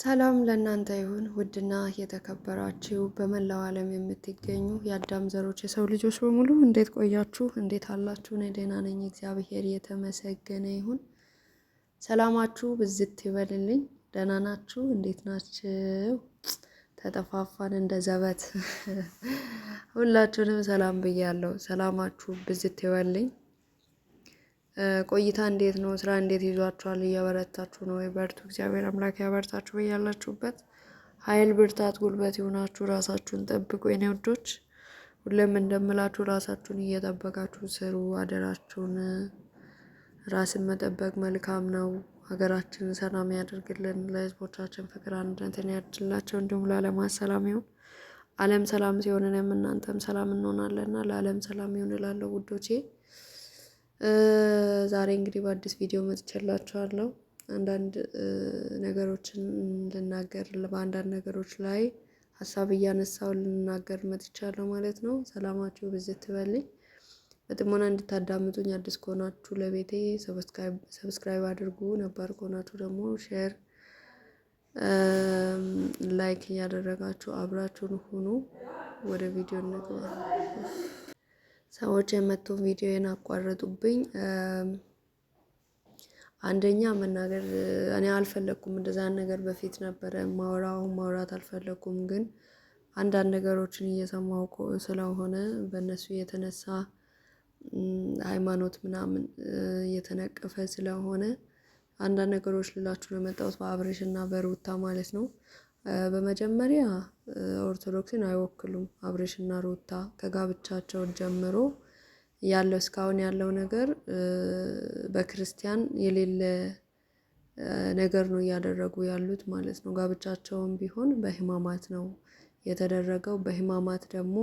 ሰላም ለእናንተ ይሁን ውድና የተከበራችሁ በመላው ዓለም የምትገኙ የአዳም ዘሮች የሰው ልጆች በሙሉ እንዴት ቆያችሁ? እንዴት አላችሁ? እኔ ደህና ነኝ። እግዚአብሔር የተመሰገነ ይሁን። ሰላማችሁ ብዝት ይበልልኝ። ደህና ናችሁ? እንዴት ናችሁ? ተጠፋፋን እንደ ዘበት። ሁላችሁንም ሰላም ብያለሁ። ሰላማችሁ ብዝት ይበልልኝ። ቆይታ እንዴት ነው? ስራ እንዴት ይዟችኋል? እያበረታችሁ ነው ወይ? በርቱ። እግዚአብሔር አምላክ ያበርታችሁ በያላችሁበት ኃይል፣ ብርታት፣ ጉልበት ይሆናችሁ። ራሳችሁን ጠብቁ የኔ ውዶች። ሁሌም እንደምላችሁ ራሳችሁን እየጠበቃችሁ ስሩ አደራችሁን። ራስን መጠበቅ መልካም ነው። ሀገራችን ሰላም ያደርግልን። ለህዝቦቻችን ፍቅር አንድነትን ያድላቸው። እንዲሁም ለዓለማት ሰላም ይሁን። ዓለም ሰላም ሲሆን እኔም እናንተም ሰላም እንሆናለንና ለዓለም ሰላም ይሁን እላለሁ ውዶቼ። ዛሬ እንግዲህ በአዲስ ቪዲዮ መጥቼላችኋለሁ። አንዳንድ ነገሮችን ልናገር በአንዳንድ ነገሮች ላይ ሀሳብ እያነሳው ልናገር መጥቻለሁ ማለት ነው። ሰላማችሁ ብዝት ትበልኝ። በጥሞና እንድታዳምጡኝ አዲስ ከሆናችሁ ለቤቴ ሰብስክራይብ አድርጉ፣ ነባር ከሆናችሁ ደግሞ ሼር፣ ላይክ እያደረጋችሁ አብራችሁን ሁኑ። ወደ ቪዲዮ እንግባ። ሰዎች የመጡ ቪዲዮን አቋረጡብኝ። አንደኛ መናገር እኔ አልፈለግኩም፣ እንደዛን ነገር በፊት ነበረ አሁን ማውራት አልፈለግኩም፣ ግን አንዳንድ ነገሮችን እየሰማው ስለሆነ በእነሱ የተነሳ ሃይማኖት ምናምን እየተነቀፈ ስለሆነ አንዳንድ ነገሮች ልላችሁ ነው የመጣሁት በአብሬሽ እና በሩታ ማለት ነው። በመጀመሪያ ኦርቶዶክስን አይወክሉም አብሬሽና ሩታ ከጋብቻቸው ጀምሮ ያለው እስካሁን ያለው ነገር በክርስቲያን የሌለ ነገር ነው እያደረጉ ያሉት ማለት ነው። ጋብቻቸውም ቢሆን በህማማት ነው የተደረገው። በህማማት ደግሞ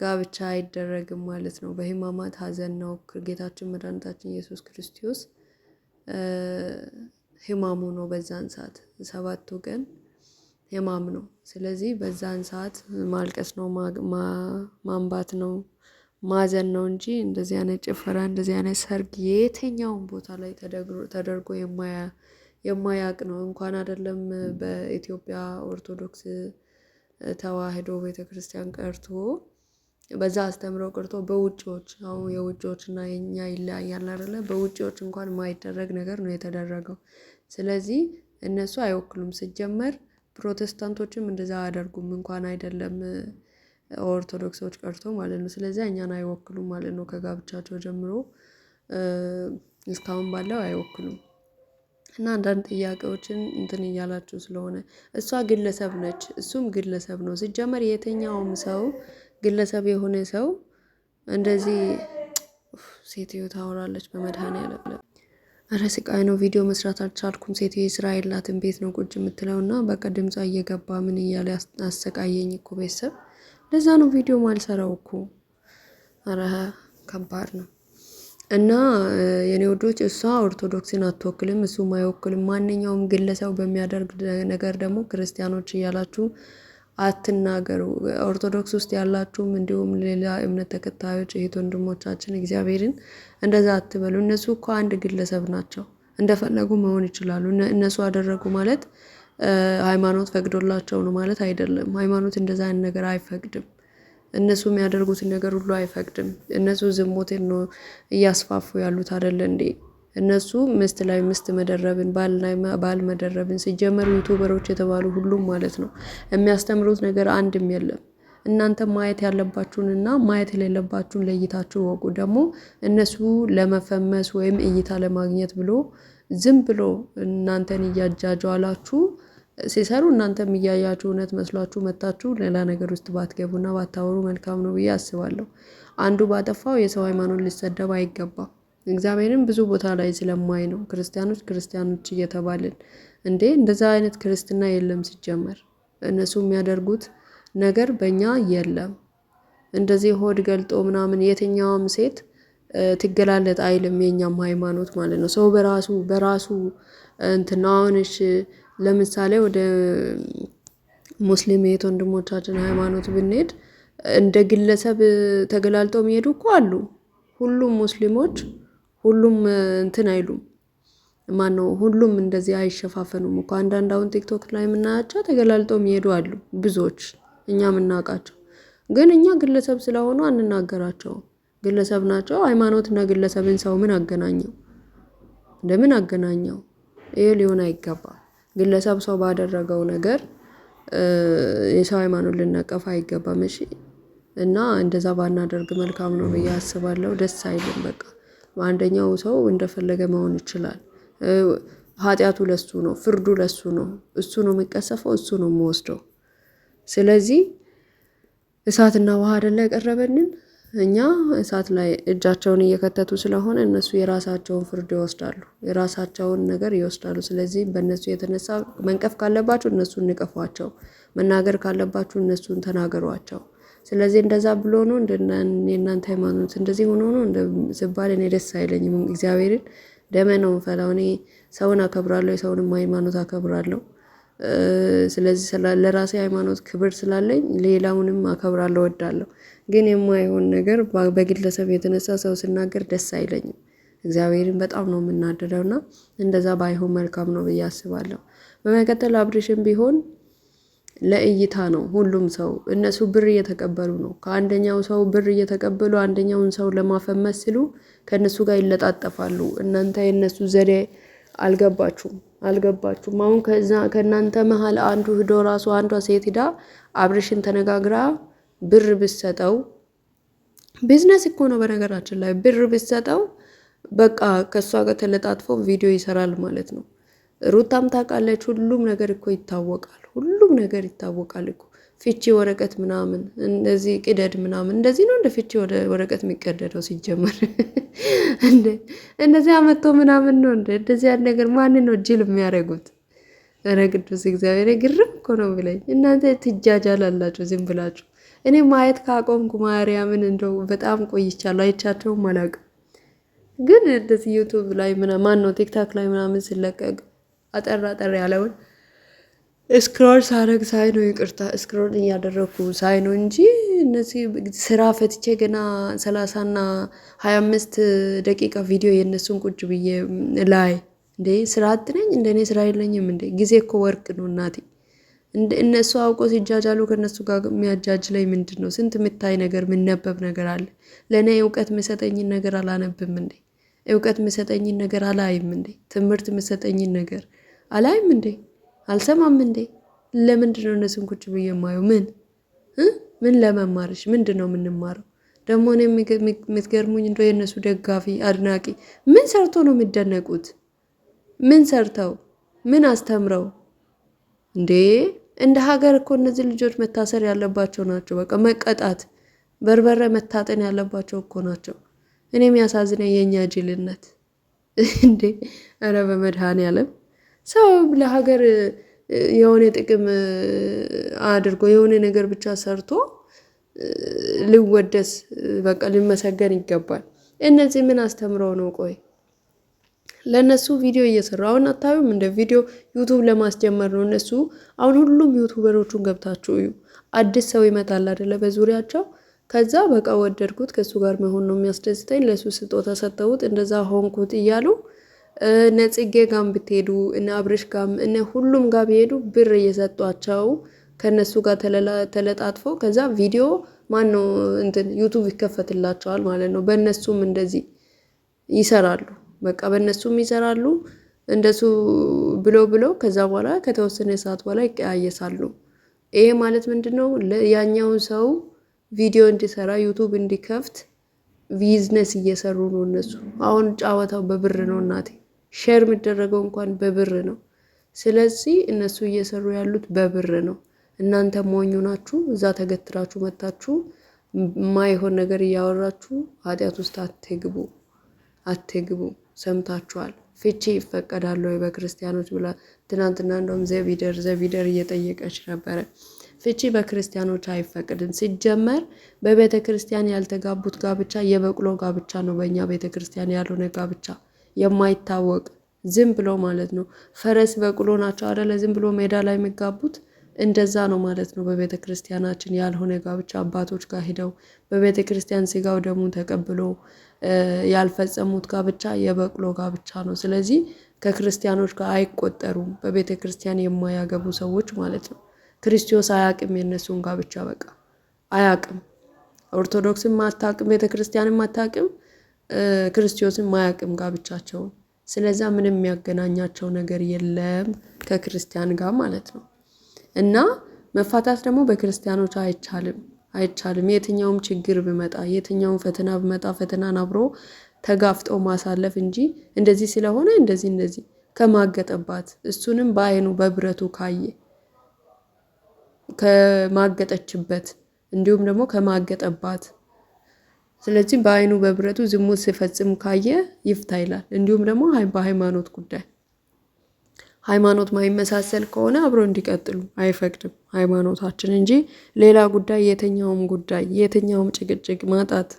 ጋብቻ አይደረግም ማለት ነው። በህማማት ሀዘን ነው ጌታችን መድኃኒታችን ኢየሱስ ክርስቶስ ህማሙ ነው። በዛን ሰዓት ሰባቱ ቀን ህማም ነው። ስለዚህ በዛን ሰዓት ማልቀስ ነው፣ ማንባት ነው፣ ማዘን ነው እንጂ እንደዚህ አይነት ጭፈራ፣ እንደዚህ አይነት ሰርግ የትኛውን ቦታ ላይ ተደርጎ የማያውቅ ነው። እንኳን አይደለም በኢትዮጵያ ኦርቶዶክስ ተዋህዶ ቤተክርስቲያን ቀርቶ በዛ አስተምረው ቀርቶ በውጭዎች አሁን የውጭዎች እና የኛ ይለያያል አይደለ? በውጭዎች እንኳን ማይደረግ ነገር ነው የተደረገው። ስለዚህ እነሱ አይወክሉም። ሲጀመር ፕሮቴስታንቶችም እንደዛ አያደርጉም እንኳን አይደለም ኦርቶዶክሶች ቀርቶ ማለት ነው። ስለዚህ እኛን አይወክሉም ማለት ነው። ከጋብቻቸው ጀምሮ እስካሁን ባለው አይወክሉም። እና አንዳንድ ጥያቄዎችን እንትን እያላችሁ ስለሆነ እሷ ግለሰብ ነች፣ እሱም ግለሰብ ነው። ሲጀመር የትኛውም ሰው ግለሰብ የሆነ ሰው እንደዚህ ሴትዮ ታወራለች በመድኃኔዓለም እረ ስቃይ ነው። ቪዲዮ መስራት አልቻልኩም። ሴትዮ ስራ የላትን ቤት ነው ቁጭ የምትለው እና በቃ ድምፃ እየገባ ምን እያለ አሰቃየኝ እኮ ቤተሰብ። ለዛ ነው ቪዲዮ ማልሰራው እኮ። አረ ከባድ ነው። እና የኔ ወዶች እሷ ኦርቶዶክስን አትወክልም፣ እሱም አይወክልም። ማንኛውም ግለሰብ በሚያደርግ ነገር ደግሞ ክርስቲያኖች እያላችሁ አትናገሩ። ኦርቶዶክስ ውስጥ ያላችሁም እንዲሁም ሌላ እምነት ተከታዮች እህት ወንድሞቻችን እግዚአብሔርን እንደዛ አትበሉ። እነሱ እኮ አንድ ግለሰብ ናቸው፣ እንደፈለጉ መሆን ይችላሉ። እነሱ አደረጉ ማለት ሃይማኖት ፈቅዶላቸው ነው ማለት አይደለም። ሃይማኖት እንደዛ አይነት ነገር አይፈቅድም። እነሱ የሚያደርጉትን ነገር ሁሉ አይፈቅድም። እነሱ ዝሙትን ነው እያስፋፉ ያሉት አይደለ እንዴ? እነሱ ምስት ላይ ምስት መደረብን ባል ላይ ባል መደረብን ሲጀመሩ ዩቱበሮች የተባሉ ሁሉም ማለት ነው የሚያስተምሩት ነገር አንድም የለም። እናንተ ማየት ያለባችሁንና ማየት የሌለባችሁን ለይታችሁ ወቁ። ደግሞ እነሱ ለመፈመስ ወይም እይታ ለማግኘት ብሎ ዝም ብሎ እናንተን እያጃጃላችሁ ሲሰሩ እናንተም እያያችሁ እውነት መስሏችሁ መታችሁ ሌላ ነገር ውስጥ ባትገቡና ባታወሩ መልካም ነው ብዬ አስባለሁ። አንዱ ባጠፋው የሰው ሃይማኖት ሊሰደብ አይገባም። እግዚአብሔርን ብዙ ቦታ ላይ ስለማይ ነው ክርስቲያኖች ክርስቲያኖች እየተባልን እንዴ እንደዛ አይነት ክርስትና የለም። ሲጀመር እነሱ የሚያደርጉት ነገር በእኛ የለም። እንደዚህ ሆድ ገልጦ ምናምን የትኛውም ሴት ትገላለጥ አይልም። የኛም ሃይማኖት ማለት ነው። ሰው በራሱ በራሱ እንትን አሁንሽ ለምሳሌ ወደ ሙስሊም የት ወንድሞቻችን ሃይማኖት ብንሄድ እንደ ግለሰብ ተገላልጦ የሚሄዱ እኮ አሉ። ሁሉም ሙስሊሞች ሁሉም እንትን አይሉም ማነው ሁሉም እንደዚህ አይሸፋፈኑም እኮ አንዳንድ አሁን ቲክቶክ ላይ የምናያቸው ተገላልጠው የሚሄዱ አሉ ብዙዎች እኛ የምናውቃቸው ግን እኛ ግለሰብ ስለሆኑ አንናገራቸውም ግለሰብ ናቸው ሃይማኖትና ግለሰብን ሰው ምን አገናኘው እንደምን አገናኘው ይሄ ሊሆን አይገባም ግለሰብ ሰው ባደረገው ነገር የሰው ሃይማኖት ልነቀፍ አይገባም እሺ እና እንደዛ ባናደርግ መልካም ነው ብዬ አስባለሁ ደስ አይልም በቃ በአንደኛው ሰው እንደፈለገ መሆን ይችላል። ኃጢአቱ ለሱ ነው፣ ፍርዱ ለሱ ነው። እሱ ነው የሚቀሰፈው፣ እሱ ነው የሚወስደው። ስለዚህ እሳትና ውሃ አይደለ የቀረበልን እኛ እሳት ላይ እጃቸውን እየከተቱ ስለሆነ እነሱ የራሳቸውን ፍርድ ይወስዳሉ፣ የራሳቸውን ነገር ይወስዳሉ። ስለዚህ በእነሱ የተነሳ መንቀፍ ካለባችሁ እነሱን ንቀፏቸው፣ መናገር ካለባችሁ እነሱን ተናገሯቸው። ስለዚህ እንደዛ ብሎ ነው እንደናንተ ሃይማኖት እንደዚህ ሆኖ ነው ስባል እኔ ደስ አይለኝም። እግዚአብሔርን ደመ ነው ፈላው። እኔ ሰውን አከብራለሁ፣ የሰውንም ሃይማኖት አከብራለሁ። ስለዚህ ለራሴ ሃይማኖት ክብር ስላለኝ ሌላውንም አከብራለሁ፣ ወዳለሁ። ግን የማይሆን ነገር በግለሰብ የተነሳ ሰው ስናገር ደስ አይለኝም። እግዚአብሔርን በጣም ነው የምናደደውና እንደዛ ባይሆን መልካም ነው ብዬ አስባለሁ። በመቀጠል አብሬሽን ቢሆን ለእይታ ነው። ሁሉም ሰው እነሱ ብር እየተቀበሉ ነው። ከአንደኛው ሰው ብር እየተቀበሉ አንደኛውን ሰው ለማፈመስ ሲሉ ከእነሱ ጋር ይለጣጠፋሉ። እናንተ የእነሱ ዘዴ አልገባችሁም አልገባችሁም። አሁን ከእናንተ መሀል አንዱ ሂዶ ራሱ አንዷ ሴት ሂዳ አብርሽን ተነጋግራ ብር ብሰጠው ቢዝነስ እኮ ነው በነገራችን ላይ ብር ብሰጠው በቃ ከእሷ ጋር ተለጣጥፎ ቪዲዮ ይሰራል ማለት ነው። ሩታም ታውቃለች። ሁሉም ነገር እኮ ይታወቃል። ነገር ይታወቃል እኮ ፊቺ ወረቀት ምናምን እንደዚህ ቅደድ ምናምን እንደዚህ ነው እንደ ወደ ወረቀት የሚቀደደው ሲጀመር እንደዚህ አመቶ ምናምን ነው እንደ እንደዚህ ያለ ነገር ማንን ነው ጅል የሚያደርጉት? ኧረ ቅዱስ እግዚአብሔር ግርም እኮ ነው ብለኝ። እናንተ ትጃጃላላችሁ ዝም ብላችሁ። እኔ ማየት ካቆምኩ ማርያምን እንደው በጣም ቆይቻለሁ፣ አይቻቸውም አላውቅም። ግን እንደዚህ ዩቱብ ላይ ማን ነው ቲክታክ ላይ ምናምን ሲለቀቅ አጠር አጠር ያለውን ስክሮል ሳረግ ሳይ ነው ይቅርታ፣ ስክሮል እያደረግኩ ሳይ ነው እንጂ እነዚህ ስራ ፈትቼ ገና ሰላሳና ሀያ አምስት ደቂቃ ቪዲዮ የእነሱን ቁጭ ብዬ ላይ እንዴ ስራ አጥ እንደኔ ስራ የለኝም እንዴ? ጊዜ እኮ ወርቅ ነው እናቴ። እነሱ አውቆ ሲጃጃሉ ከእነሱ ጋር የሚያጃጅ ላይ ምንድን ነው? ስንት የምታይ ነገር የምነበብ ነገር አለ። ለእኔ እውቀት የምሰጠኝን ነገር አላነብም እንዴ? እውቀት የምሰጠኝን ነገር አላይም እንዴ? ትምህርት የምሰጠኝን ነገር አላይም እንዴ? አልሰማም እንዴ? ለምንድን ነው እነሱን ቁጭ ብዬ የማየው? ምን ምን ለመማርሽ? ምንድን ነው የምንማረው? ደግሞ እኔ የምትገርሙኝ እንደ የእነሱ ደጋፊ አድናቂ ምን ሰርቶ ነው የሚደነቁት? ምን ሰርተው ምን አስተምረው እንዴ? እንደ ሀገር እኮ እነዚህ ልጆች መታሰር ያለባቸው ናቸው። በቃ መቀጣት፣ በርበረ መታጠን ያለባቸው እኮ ናቸው። እኔ የሚያሳዝነ የእኛ ጅልነት እንዴ! ኧረ በመድኃኔ ሰው ለሀገር የሆነ ጥቅም አድርጎ የሆነ ነገር ብቻ ሰርቶ ልወደስ በቃ ልመሰገን ይገባል። እነዚህ ምን አስተምረው ነው? ቆይ ለእነሱ ቪዲዮ እየሰሩ አሁን አታዩም? እንደ ቪዲዮ ዩቱብ ለማስጀመር ነው እነሱ። አሁን ሁሉም ዩቱበሮቹን ገብታችሁ እዩ። አዲስ ሰው ይመጣል አደለ በዙሪያቸው ከዛ በቃ ወደድኩት፣ ከእሱ ጋር መሆን ነው የሚያስደስተኝ፣ ለእሱ ስጦታ ሰጠሁት፣ እንደዛ ሆንኩት እያሉ እነ ጽጌ ጋም ብትሄዱ እነ አብርሽ ጋም እነ ሁሉም ጋር ቢሄዱ ብር እየሰጧቸው ከእነሱ ጋር ተለጣጥፎ ከዛ ቪዲዮ ማን ነው እንትን ዩቱብ ይከፈትላቸዋል ማለት ነው። በእነሱም እንደዚህ ይሰራሉ። በቃ በእነሱም ይሰራሉ እንደሱ ብሎ ብሎ ከዛ በኋላ ከተወሰነ ሰዓት በኋላ ይቀያየሳሉ። ይሄ ማለት ምንድን ነው? ያኛውን ሰው ቪዲዮ እንዲሰራ ዩቱብ እንዲከፍት ቢዝነስ እየሰሩ ነው እነሱ። አሁን ጫወታው በብር ነው እናቴ። ሼር የሚደረገው እንኳን በብር ነው። ስለዚህ እነሱ እየሰሩ ያሉት በብር ነው። እናንተ ሞኙ ናችሁ። እዛ ተገትራችሁ መታችሁ ማይሆን ነገር እያወራችሁ ኃጢአት ውስጥ አትግቡ አትግቡ። ሰምታችኋል። ፍቺ ይፈቀዳል ወይ በክርስቲያኖች ብላ ትናንትና እንደውም ዘቢደር ዘቢደር እየጠየቀች ነበረ። ፍቺ በክርስቲያኖች አይፈቅድም። ሲጀመር በቤተ ክርስቲያን ያልተጋቡት ጋብቻ የበቅሎ ጋብቻ ነው። በእኛ ቤተ ክርስቲያን ያልሆነ ጋብቻ የማይታወቅ ዝም ብሎ ማለት ነው። ፈረስ በቅሎ ናቸው አደለ? ዝም ብሎ ሜዳ ላይ የሚጋቡት እንደዛ ነው ማለት ነው። በቤተ ክርስቲያናችን ያልሆነ ጋብቻ አባቶች ጋር ሂደው በቤተ ክርስቲያን ስጋው ደግሞ ተቀብሎ ያልፈጸሙት ጋብቻ የበቅሎ ጋብቻ ነው። ስለዚህ ከክርስቲያኖች ጋር አይቆጠሩም፣ በቤተ ክርስቲያን የማያገቡ ሰዎች ማለት ነው። ክርስቶስ አያቅም የእነሱን ጋብቻ በቃ አያቅም። ኦርቶዶክስም አታቅም፣ ቤተ ክርስቲያንም አታቅም። ክርስቶስን ማያቅም ጋብቻቸውን። ስለዛ ምንም የሚያገናኛቸው ነገር የለም ከክርስቲያን ጋር ማለት ነው። እና መፋታት ደግሞ በክርስቲያኖች አይቻልም አይቻልም። የትኛውም ችግር ብመጣ የትኛውም ፈተና ብመጣ ፈተናን አብሮ ተጋፍጦ ማሳለፍ እንጂ እንደዚህ ስለሆነ እንደዚህ እንደዚህ ከማገጠባት እሱንም በአይኑ በብረቱ ካየ ከማገጠችበት እንዲሁም ደግሞ ከማገጠባት ስለዚህም በአይኑ በብረቱ ዝሙት ሲፈጽም ካየ ይፍታ ይላል። እንዲሁም ደግሞ በሃይማኖት ጉዳይ ሃይማኖት ማይመሳሰል ከሆነ አብሮ እንዲቀጥሉ አይፈቅድም ሃይማኖታችን እንጂ ሌላ ጉዳይ የትኛውም ጉዳይ የትኛውም ጭቅጭቅ፣ ማጣት፣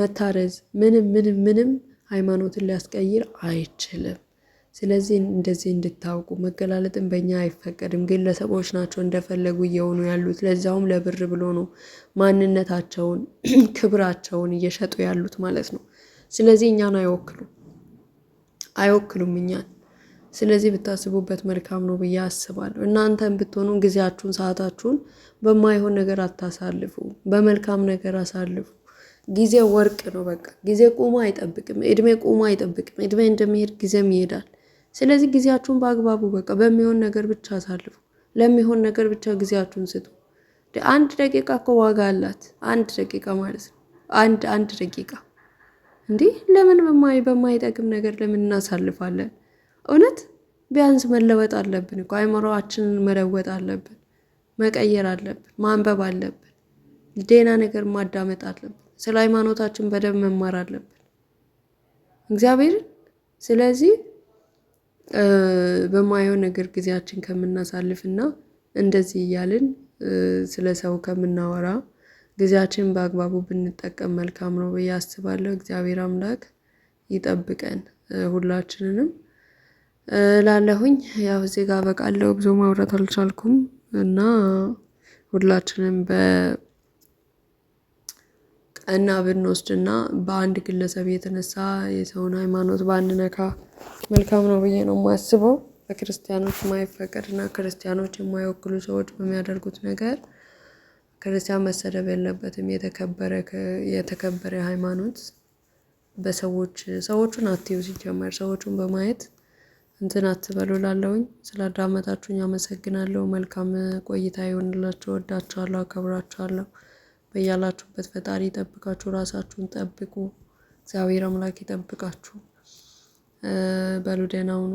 መታረዝ ምንም ምንም ምንም ሃይማኖትን ሊያስቀይር አይችልም። ስለዚህ እንደዚህ እንድታውቁ መገላለጥን በእኛ አይፈቀድም። ግለሰቦች ናቸው እንደፈለጉ እየሆኑ ያሉት። ለዛውም ለብር ብሎ ነው ማንነታቸውን፣ ክብራቸውን እየሸጡ ያሉት ማለት ነው። ስለዚህ እኛን አይወክሉም፣ አይወክሉም እኛን። ስለዚህ ብታስቡበት መልካም ነው ብዬ አስባለሁ። እናንተን ብትሆኑ ጊዜያችሁን፣ ሰዓታችሁን በማይሆን ነገር አታሳልፉ፣ በመልካም ነገር አሳልፉ። ጊዜ ወርቅ ነው። በቃ ጊዜ ቁሞ አይጠብቅም። እድሜ ቁሞ አይጠብቅም። እድሜ እንደሚሄድ ጊዜም ይሄዳል። ስለዚህ ጊዜያችሁን በአግባቡ በቃ በሚሆን ነገር ብቻ አሳልፉ። ለሚሆን ነገር ብቻ ጊዜያችሁን ስጡ። አንድ ደቂቃ እኮ ዋጋ አላት። አንድ ደቂቃ ማለት ነው። አንድ አንድ ደቂቃ እንዲህ ለምን በማይጠቅም ነገር ለምን እናሳልፋለን? እውነት ቢያንስ መለወጥ አለብን እኮ አይምሮአችንን መለወጥ አለብን፣ መቀየር አለብን፣ ማንበብ አለብን፣ ሌላ ነገር ማዳመጥ አለብን፣ ስለ ሃይማኖታችን በደንብ መማር አለብን እግዚአብሔርን ስለዚህ በማየው ነገር ጊዜያችን ከምናሳልፍ እና እንደዚህ እያልን ስለ ሰው ከምናወራ ጊዜያችን በአግባቡ ብንጠቀም መልካም ነው ብዬ አስባለሁ። እግዚአብሔር አምላክ ይጠብቀን ሁላችንንም ላለሁኝ ያው እዚህ ጋር አበቃለሁ። ብዙ ማውራት አልቻልኩም እና ሁላችንም በቀና ና በአንድ ግለሰብ የተነሳ የሰውን ሃይማኖት በአንድ ነካ። መልካም ነው ብዬ ነው የማስበው። በክርስቲያኖች የማይፈቀድ እና ክርስቲያኖች የማይወክሉ ሰዎች በሚያደርጉት ነገር ክርስቲያን መሰደብ የለበትም። የተከበረ ሃይማኖት በሰዎች ሰዎቹን አትዩ። ሲጀመር ሰዎቹን በማየት እንትን አትበሉ። ላለውኝ ስላዳመጣችሁኝ አመሰግናለሁ። መልካም ቆይታ ይሆንላችሁ። ወዳችኋለሁ፣ አከብራችኋለሁ። በያላችሁበት ፈጣሪ ይጠብቃችሁ። ራሳችሁን ጠብቁ። እግዚአብሔር አምላክ ይጠብቃችሁ። በሉ ደህና ሁኑ።